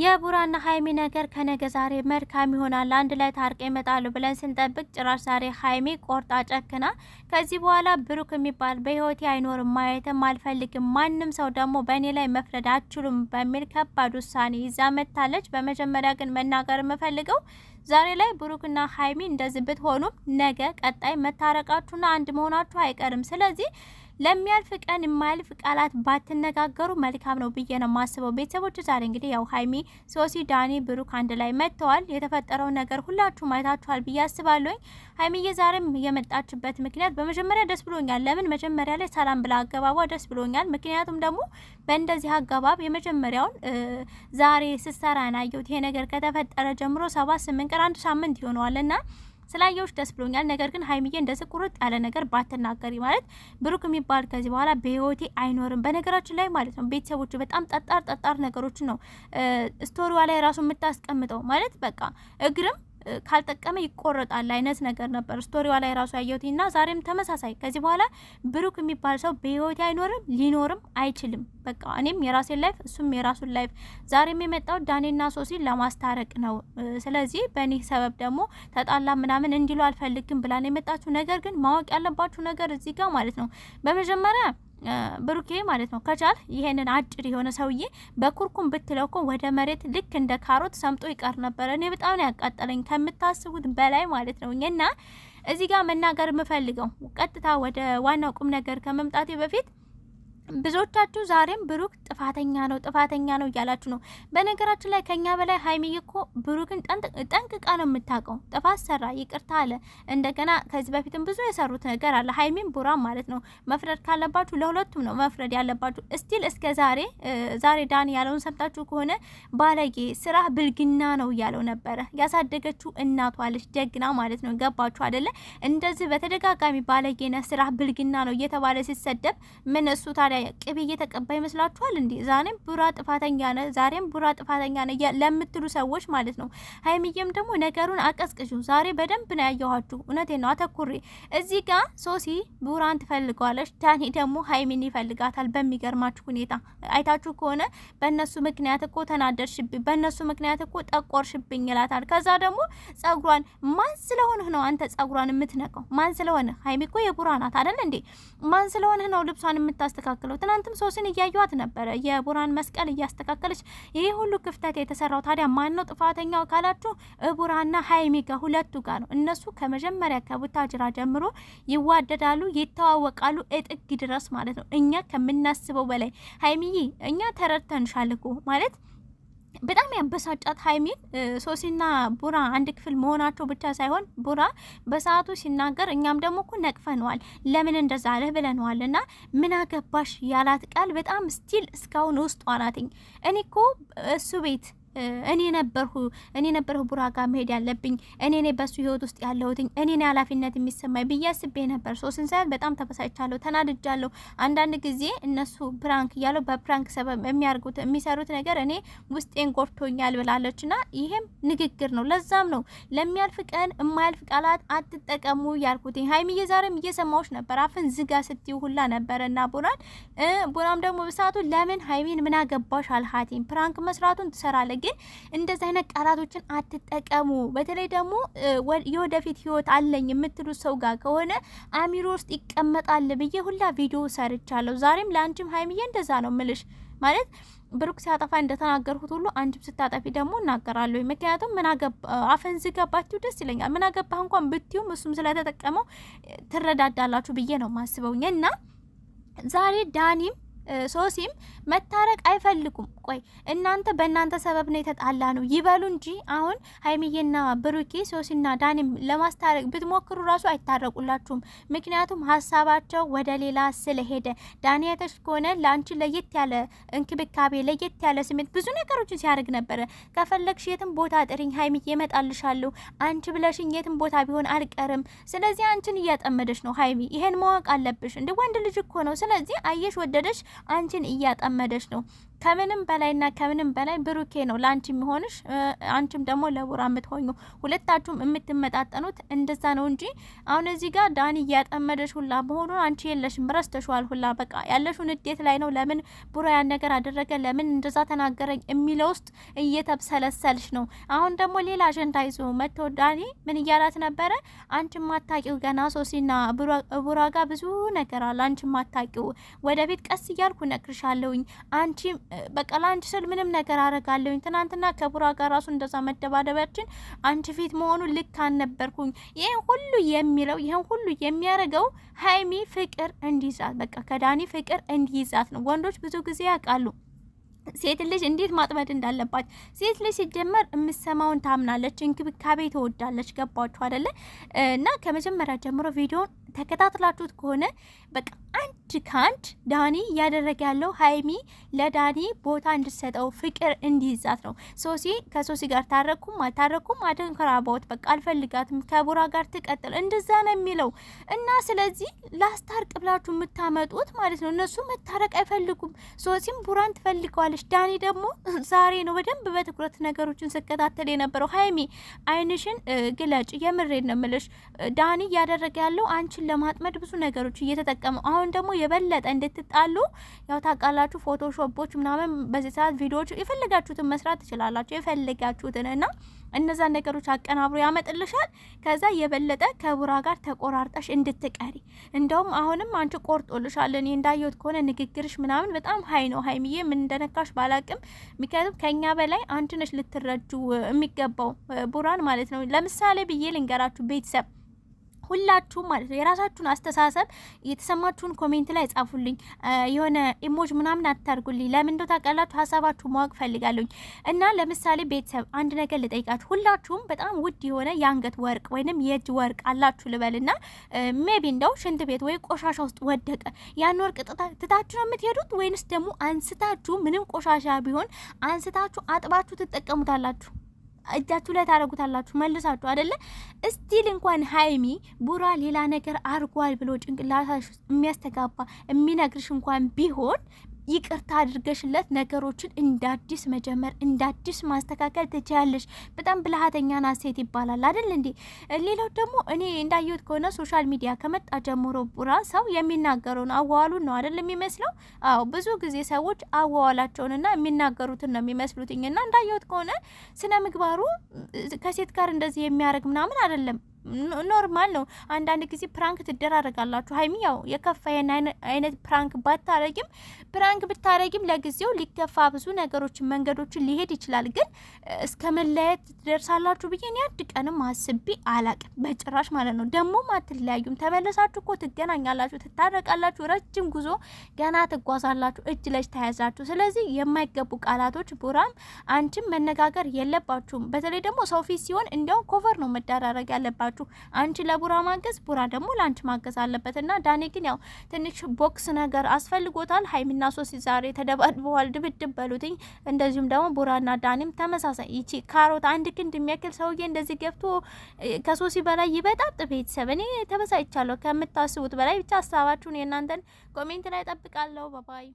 የቡራና ሀይሚ ነገር ከነገ ዛሬ መልካም ይሆናል፣ አንድ ላይ ታርቀ ይመጣሉ ብለን ስንጠብቅ ጭራሽ ዛሬ ሀይሚ ቆርጣ ጨክና ከዚህ በኋላ ብሩክ የሚባል በህይወቴ አይኖርም፣ ማየትም አልፈልግም፣ ማንም ሰው ደግሞ በእኔ ላይ መፍረድ አችሉም በሚል ከባድ ውሳኔ ይዛ መታለች። በመጀመሪያ ግን መናገር የምፈልገው ዛሬ ላይ ብሩክና ሀይሚ እንደዚህ ብትሆኑም ነገ ቀጣይ መታረቃችሁና አንድ መሆናችሁ አይቀርም። ስለዚህ ለሚያልፍ ቀን የማያልፍ ቃላት ባትነጋገሩ መልካም ነው ብዬ ነው የማስበው። ቤተሰቦች ዛሬ እንግዲህ ያው ሀይሚ፣ ሶሲ፣ ዳኒ፣ ብሩክ አንድ ላይ መጥተዋል። የተፈጠረው ነገር ሁላችሁ ማየታችኋል ብዬ አስባለሁኝ። ሀይሚዬ ዛሬም የመጣችበት ምክንያት በመጀመሪያ ደስ ብሎኛል። ለምን መጀመሪያ ላይ ሰላም ብላ አገባቧ ደስ ብሎኛል። ምክንያቱም ደግሞ በእንደዚህ አገባብ የመጀመሪያውን ዛሬ ስሰራ ናየሁት። ይሄ ነገር ከተፈጠረ ጀምሮ ሰባት ስምንት ቀን አንድ ሳምንት ይሆነዋል እና ስላየውሽ ደስ ብሎኛል። ነገር ግን ሀይሚዬ እንደዚህ ቁርጥ ያለ ነገር ባትናገሪ ማለት ብሩክ የሚባል ከዚህ በኋላ በህይወቴ አይኖርም። በነገራችን ላይ ማለት ነው ቤተሰቦች በጣም ጠጣር ጠጣር ነገሮችን ነው ስቶሪዋ ላይ ራሱ የምታስቀምጠው ማለት በቃ እግርም ካልጠቀመ ይቆረጣል አይነት ነገር ነበር ስቶሪዋ ላይ ራሱ ያየሁት እና ዛሬም ተመሳሳይ። ከዚህ በኋላ ብሩክ የሚባል ሰው በህይወቴ አይኖርም፣ ሊኖርም አይችልም። በቃ እኔም የራሴን ላይፍ፣ እሱም የራሱን ላይፍ። ዛሬም የመጣው ዳኔና ሶሲ ለማስታረቅ ነው። ስለዚህ በእኔ ሰበብ ደግሞ ተጣላ ምናምን እንዲሉ አልፈልግም ብላን የመጣችሁ። ነገር ግን ማወቅ ያለባችሁ ነገር እዚህ ጋር ማለት ነው በመጀመሪያ ብሩኬ ማለት ነው ከቻል ይሄንን አጭር የሆነ ሰውዬ በኩርኩም ብትለው ወደ መሬት ልክ እንደ ካሮት ሰምጦ ይቀር ነበረ። እኔ በጣም ነው ያቃጠለኝ ከምታስቡት በላይ ማለት ነው። እና እዚህ ጋር መናገር የምፈልገው ቀጥታ ወደ ዋናው ቁም ነገር ከመምጣቴ በፊት ብዙዎቻችሁ ዛሬም ብሩክ ጥፋተኛ ነው ጥፋተኛ ነው እያላችሁ ነው። በነገራችን ላይ ከኛ በላይ ሀይሚዬ እኮ ብሩክን ጠንቅቃ ነው የምታውቀው። ጥፋት ሰራ ይቅርታ አለ። እንደገና ከዚህ በፊትም ብዙ የሰሩት ነገር አለ። ሀይሚን ቡራም ማለት ነው። መፍረድ ካለባችሁ ለሁለቱም ነው መፍረድ ያለባችሁ። እስቲል እስከ ዛሬ ዛሬ ዳኒ ያለውን ሰምታችሁ ከሆነ ባለጌ ስራ ብልግና ነው እያለው ነበረ። ያሳደገችው እናቷ ጀግና ደግና ማለት ነው። ገባችሁ አደለ? እንደዚህ በተደጋጋሚ ባለጌነ፣ ስራ ብልግና ነው እየተባለ ሲሰደብ ምን እሱ ታዲያ ቅቤ እየተቀባ ይመስላችኋል እንዴ? ዛሬም ቡራ ጥፋተኛ ነ ዛሬም ቡራ ጥፋተኛ ነ ለምትሉ ሰዎች ማለት ነው። ሀይሚዬም ደግሞ ነገሩን አቀዝቅዡ። ዛሬ በደንብ ነው ያየኋችሁ። እውነቴ ነው አተኩሬ። እዚህ ጋ ሶሲ ቡራን ትፈልገዋለች፣ ዳኒ ደግሞ ሀይሚን ይፈልጋታል። በሚገርማችሁ ሁኔታ አይታችሁ ከሆነ በእነሱ ምክንያት እኮ ተናደድሽብኝ፣ በእነሱ ምክንያት እኮ ጠቆርሽብኝ ይላታል። ከዛ ደግሞ ጸጉሯን ማን ስለሆንህ ነው አንተ ጸጉሯን የምትነቀው? ማን ስለሆንህ? ሀይሚ እኮ የቡራ ናት እንዴ? ማን ስለሆንህ ነው ልብሷን የምታስተካክለው? የሚያስተካክለው? ትናንትም ሶስን እያዩዋት ነበረ የቡራን መስቀል እያስተካከለች። ይሄ ሁሉ ክፍተት የተሰራው ታዲያ ማን ነው ጥፋተኛው ካላችሁ እቡራና ሀይሚ ሁለቱ ጋር ነው። እነሱ ከመጀመሪያ ከቡታጅራ ጀምሮ ይዋደዳሉ፣ ይተዋወቃሉ እጥግ ድረስ ማለት ነው። እኛ ከምናስበው በላይ ሀይሚዬ፣ እኛ ተረድተንሻል እኮ ማለት በጣም ያበሳጫት ሀይሚን ሶሲና ቡራ አንድ ክፍል መሆናቸው ብቻ ሳይሆን ቡራ በሰዓቱ ሲናገር እኛም ደግሞ እኮ ነቅፈነዋል፣ ለምን እንደዛ አለህ ብለነዋል። እና ምን አገባሽ ያላት ቃል በጣም ስቲል እስካሁን ውስጥ አላትኝ። እኔ እኮ እሱ ቤት እኔ ነበርሁ እኔ ነበርሁ ቡራ ጋር መሄድ ያለብኝ እኔ ነኝ በሱ ህይወት ውስጥ ያለሁትኝ እኔ ነኝ ኃላፊነት የሚሰማኝ ብዬ አስቤ ነበር። ሶስትን ሰዓት በጣም ተበሳጭቻለሁ፣ ተናድጃለሁ። አንዳንድ ጊዜ እነሱ ፕራንክ እያለው በፕራንክ ሰበብ የሚያርጉት የሚሰሩት ነገር እኔ ውስጤን ጎድቶኛል ብላለች ና ይሄም ንግግር ነው። ለዛም ነው ለሚያልፍ ቀን የማያልፍ ቃላት አትጠቀሙ ያልኩትኝ። ሀይሚዬ ዛሬም እየሰማዎች ነበር፣ አፍን ዝጋ ስትይ ሁላ ነበር። እና ቡራን ቡራም ደግሞ ብሳቱ ለምን ሀይሚን ምን አገባሽ አልሀቲም ፕራንክ መስራቱን ትሰራለ ግን እንደዚህ አይነት ቃላቶችን አትጠቀሙ። በተለይ ደግሞ የወደፊት ህይወት አለኝ የምትሉ ሰው ጋር ከሆነ አሚሮ ውስጥ ይቀመጣል ብዬ ሁላ ቪዲዮ ሰርቻለሁ። ዛሬም ለአንቺም ሀይሚዬ እንደዛ ነው ምልሽ ማለት ብሩክ ሲያጠፋ እንደተናገርኩት ሁሉ አንቺም ስታጠፊ ደግሞ እናገራለሁ። ምክንያቱም አፈንዝጋባችሁ ደስ ይለኛል። ምን አገባህ እንኳን ብትዩም እሱም ስለተጠቀመው ትረዳዳላችሁ ብዬ ነው ማስበውኝ እና ዛሬ ዳኒም ሶሲም መታረቅ አይፈልጉም። ቆይ እናንተ በእናንተ ሰበብ ነው የተጣላ ነው ይበሉ እንጂ አሁን ሀይሚዬና ብሩኬ ሶሲና ዳኒም ለማስታረቅ ብትሞክሩ ራሱ አይታረቁላችሁም። ምክንያቱም ሀሳባቸው ወደ ሌላ ስለሄደ ዳኒ አይተሽ ከሆነ ለአንቺ ለየት ያለ እንክብካቤ፣ ለየት ያለ ስሜት ብዙ ነገሮችን ሲያደርግ ነበረ። ከፈለግሽ የትም ቦታ ጥሪኝ ሀይሚዬ እመጣልሻለሁ፣ አንቺ ብለሽኝ የትም ቦታ ቢሆን አልቀርም። ስለዚህ አንቺን እያጠመደሽ ነው ሀይሚ። ይሄን ማወቅ አለብሽ። እንደ ወንድ ልጅ እኮ ነው። ስለዚህ አየሽ ወደደሽ አንቺን እያጠመደሽ ነው። ከምንም በላይና ከምንም በላይ ብሩኬ ነው ለአንቺ የሚሆንሽ። አንቺም ደግሞ ለቡራ የምትሆኙ ሁለታችሁም የምትመጣጠኑት እንደዛ ነው እንጂ አሁን እዚህ ጋር ዳኒ እያጠመደሽ ሁላ መሆኑ አንቺ የለሽም፣ ረስተሽዋል ሁላ በቃ ያለሽው ንዴት ላይ ነው። ለምን ቡራ ያን ነገር አደረገ፣ ለምን እንደዛ ተናገረኝ የሚለ ውስጥ እየተብሰለሰልሽ ነው። አሁን ደግሞ ሌላ አጀንዳ ይዞ መጥቶ ዳኒ ምን እያላት ነበረ? አንቺ ማታቂው ገና ሶሲና ቡራ ጋር ብዙ ነገር አለ አንቺ ማታቂው። ወደፊት ቀስ እያልኩ ነግርሻለሁኝ አንቺ በቃ ለአንቺ ስል ምንም ነገር አረጋለሁኝ። ትናንትና ከቡራ ጋር ራሱ እንደዛ መደባደባችን አንቺ ፊት መሆኑ ልክ አልነበርኩኝ። ይህን ሁሉ የሚለው ይህን ሁሉ የሚያደርገው ሀይሚ ፍቅር እንዲይዛት በቃ ከዳኒ ፍቅር እንዲይዛት ነው። ወንዶች ብዙ ጊዜ ያውቃሉ ሴት ልጅ እንዴት ማጥመድ እንዳለባት። ሴት ልጅ ሲጀመር የምሰማውን ታምናለች፣ እንክብካቤ ትወዳለች። ገባችሁ አይደለ? እና ከመጀመሪያ ጀምሮ ቪዲዮን ተከታትላችሁት ከሆነ በቃ አንድ ከአንድ ዳኒ እያደረገ ያለው ሀይሚ ለዳኒ ቦታ እንድሰጠው ፍቅር እንዲይዛት ነው። ሶሲ ከሶሲ ጋር ታረኩም አልታረኩም አደንከራባውት በቃ አልፈልጋትም፣ ከቡራ ጋር ትቀጥል፣ እንደዛ ነው የሚለው እና ስለዚህ ላስታርቅ ብላችሁ የምታመጡት ማለት ነው። እነሱ መታረቅ አይፈልጉም። ሶሲም ቡራን ትፈልገዋለች። ዳኒ ደግሞ ዛሬ ነው በደንብ በትኩረት ነገሮችን ስከታተል የነበረው። ሀይሚ አይንሽን ግለጭ፣ የምሬድ ነው ምልሽ። ዳኒ እያደረገ ያለው አንቺ ነገሮችን ለማጥመድ ብዙ ነገሮች እየተጠቀሙ አሁን ደግሞ የበለጠ እንድትጣሉ ያው ታውቃላችሁ፣ ፎቶሾፖች ምናምን በዚህ ሰዓት ቪዲዮዎች የፈለጋችሁትን መስራት ትችላላችሁ። የፈለጋችሁትን እና እነዛን ነገሮች አቀናብሮ ያመጥልሻል። ከዛ የበለጠ ከቡራ ጋር ተቆራርጠሽ እንድትቀሪ እንደውም አሁንም አንቺ ቆርጦልሻል። እኔ እንዳየሁት ከሆነ ንግግርሽ ምናምን በጣም ሀይ ነው። ሀይሚዬ ምን እንደነካሽ ባላቅም፣ ምክንያቱም ከኛ በላይ አንቺ ነሽ ልትረጁ የሚገባው ቡራን ማለት ነው። ለምሳሌ ብዬ ልንገራችሁ ቤተሰብ ሁላችሁም ማለት ነው የራሳችሁን አስተሳሰብ የተሰማችሁን ኮሜንት ላይ ጻፉልኝ። የሆነ ኢሞጅ ምናምን አታርጉልኝ። ለምን እንደው ታውቃላችሁ፣ ሀሳባችሁ ማወቅ ፈልጋለሁኝ። እና ለምሳሌ ቤተሰብ አንድ ነገር ልጠይቃችሁ። ሁላችሁም በጣም ውድ የሆነ የአንገት ወርቅ ወይንም የእጅ ወርቅ አላችሁ ልበልና ሜቢ እንደው ሽንት ቤት ወይ ቆሻሻ ውስጥ ወደቀ። ያን ወርቅ ትታችሁ ነው የምትሄዱት ወይንስ ደግሞ አንስታችሁ ምንም ቆሻሻ ቢሆን አንስታችሁ አጥባችሁ ትጠቀሙታላችሁ? እጃችሁ ላይ ታደረጉታላችሁ መልሳችሁ አደለ? እስቲል እንኳን ሀይሚ ቡራ ሌላ ነገር አርጓል ብሎ ጭንቅላታሽ የሚያስተጋባ የሚነግርሽ እንኳን ቢሆን ይቅርታ አድርገሽለት ነገሮችን እንዳዲስ አዲስ መጀመር እንዳዲስ ማስተካከል ትችያለሽ። በጣም ብልሃተኛ ናት ሴት ይባላል አይደል እንዴ? ሌላው ደግሞ እኔ እንዳየሁት ከሆነ ሶሻል ሚዲያ ከመጣ ጀምሮ ቡራ ሰው የሚናገረውን አዋዋሉን ነው አይደል የሚመስለው? አዎ ብዙ ጊዜ ሰዎች አዋዋላቸውንና የሚናገሩትን ነው የሚመስሉትኝ እና እንዳየሁት ከሆነ ስነ ምግባሩ ከሴት ጋር እንደዚህ የሚያደርግ ምናምን አይደለም። ኖርማል ነው። አንዳንድ ጊዜ ፕራንክ ትደራረጋላችሁ። ሀይሚ ያው የከፋ አይነት ፕራንክ ባታረጊም ፕራንክ ብታረጊም ለጊዜው ሊከፋ ብዙ ነገሮችን መንገዶችን ሊሄድ ይችላል። ግን እስከ መለያየት ትደርሳላችሁ ብዬ እኔ አንድ ቀንም አስቤ አላቅም በጭራሽ ማለት ነው። ደግሞም አትለያዩም። ተመለሳችሁ እኮ ትገናኛላችሁ፣ ትታረቃላችሁ። ረጅም ጉዞ ገና ትጓዛላችሁ፣ እጅ ለእጅ ተያዛችሁ። ስለዚህ የማይገቡ ቃላቶች ቡራም አንቺም መነጋገር የለባችሁም። በተለይ ደግሞ ሰው ፊት ሲሆን እንዲያውም ኮቨር ነው መደራረግ ያለባችሁ አለባችሁ። አንቺ ለቡራ ማገዝ፣ ቡራ ደግሞ ለአንቺ ማገዝ አለበት እና ዳኔ ግን ያው ትንሽ ቦክስ ነገር አስፈልጎታል። ሀይሚና ሶሲ ዛሬ ተደባድበዋል። ድብድብ በሉትኝ። እንደዚሁም ደግሞ ቡራና ዳኔም ተመሳሳይ። ይቺ ካሮት አንድ ክንድ የሚያክል ሰውዬ እንደዚህ ገብቶ ከሶሲ በላይ ይበጣጥ። ቤተሰብ እኔ ተበሳይቻለሁ ከምታስቡት በላይ። ብቻ ሀሳባችሁን የእናንተን ኮሜንት ላይ ጠብቃለሁ። ባባይ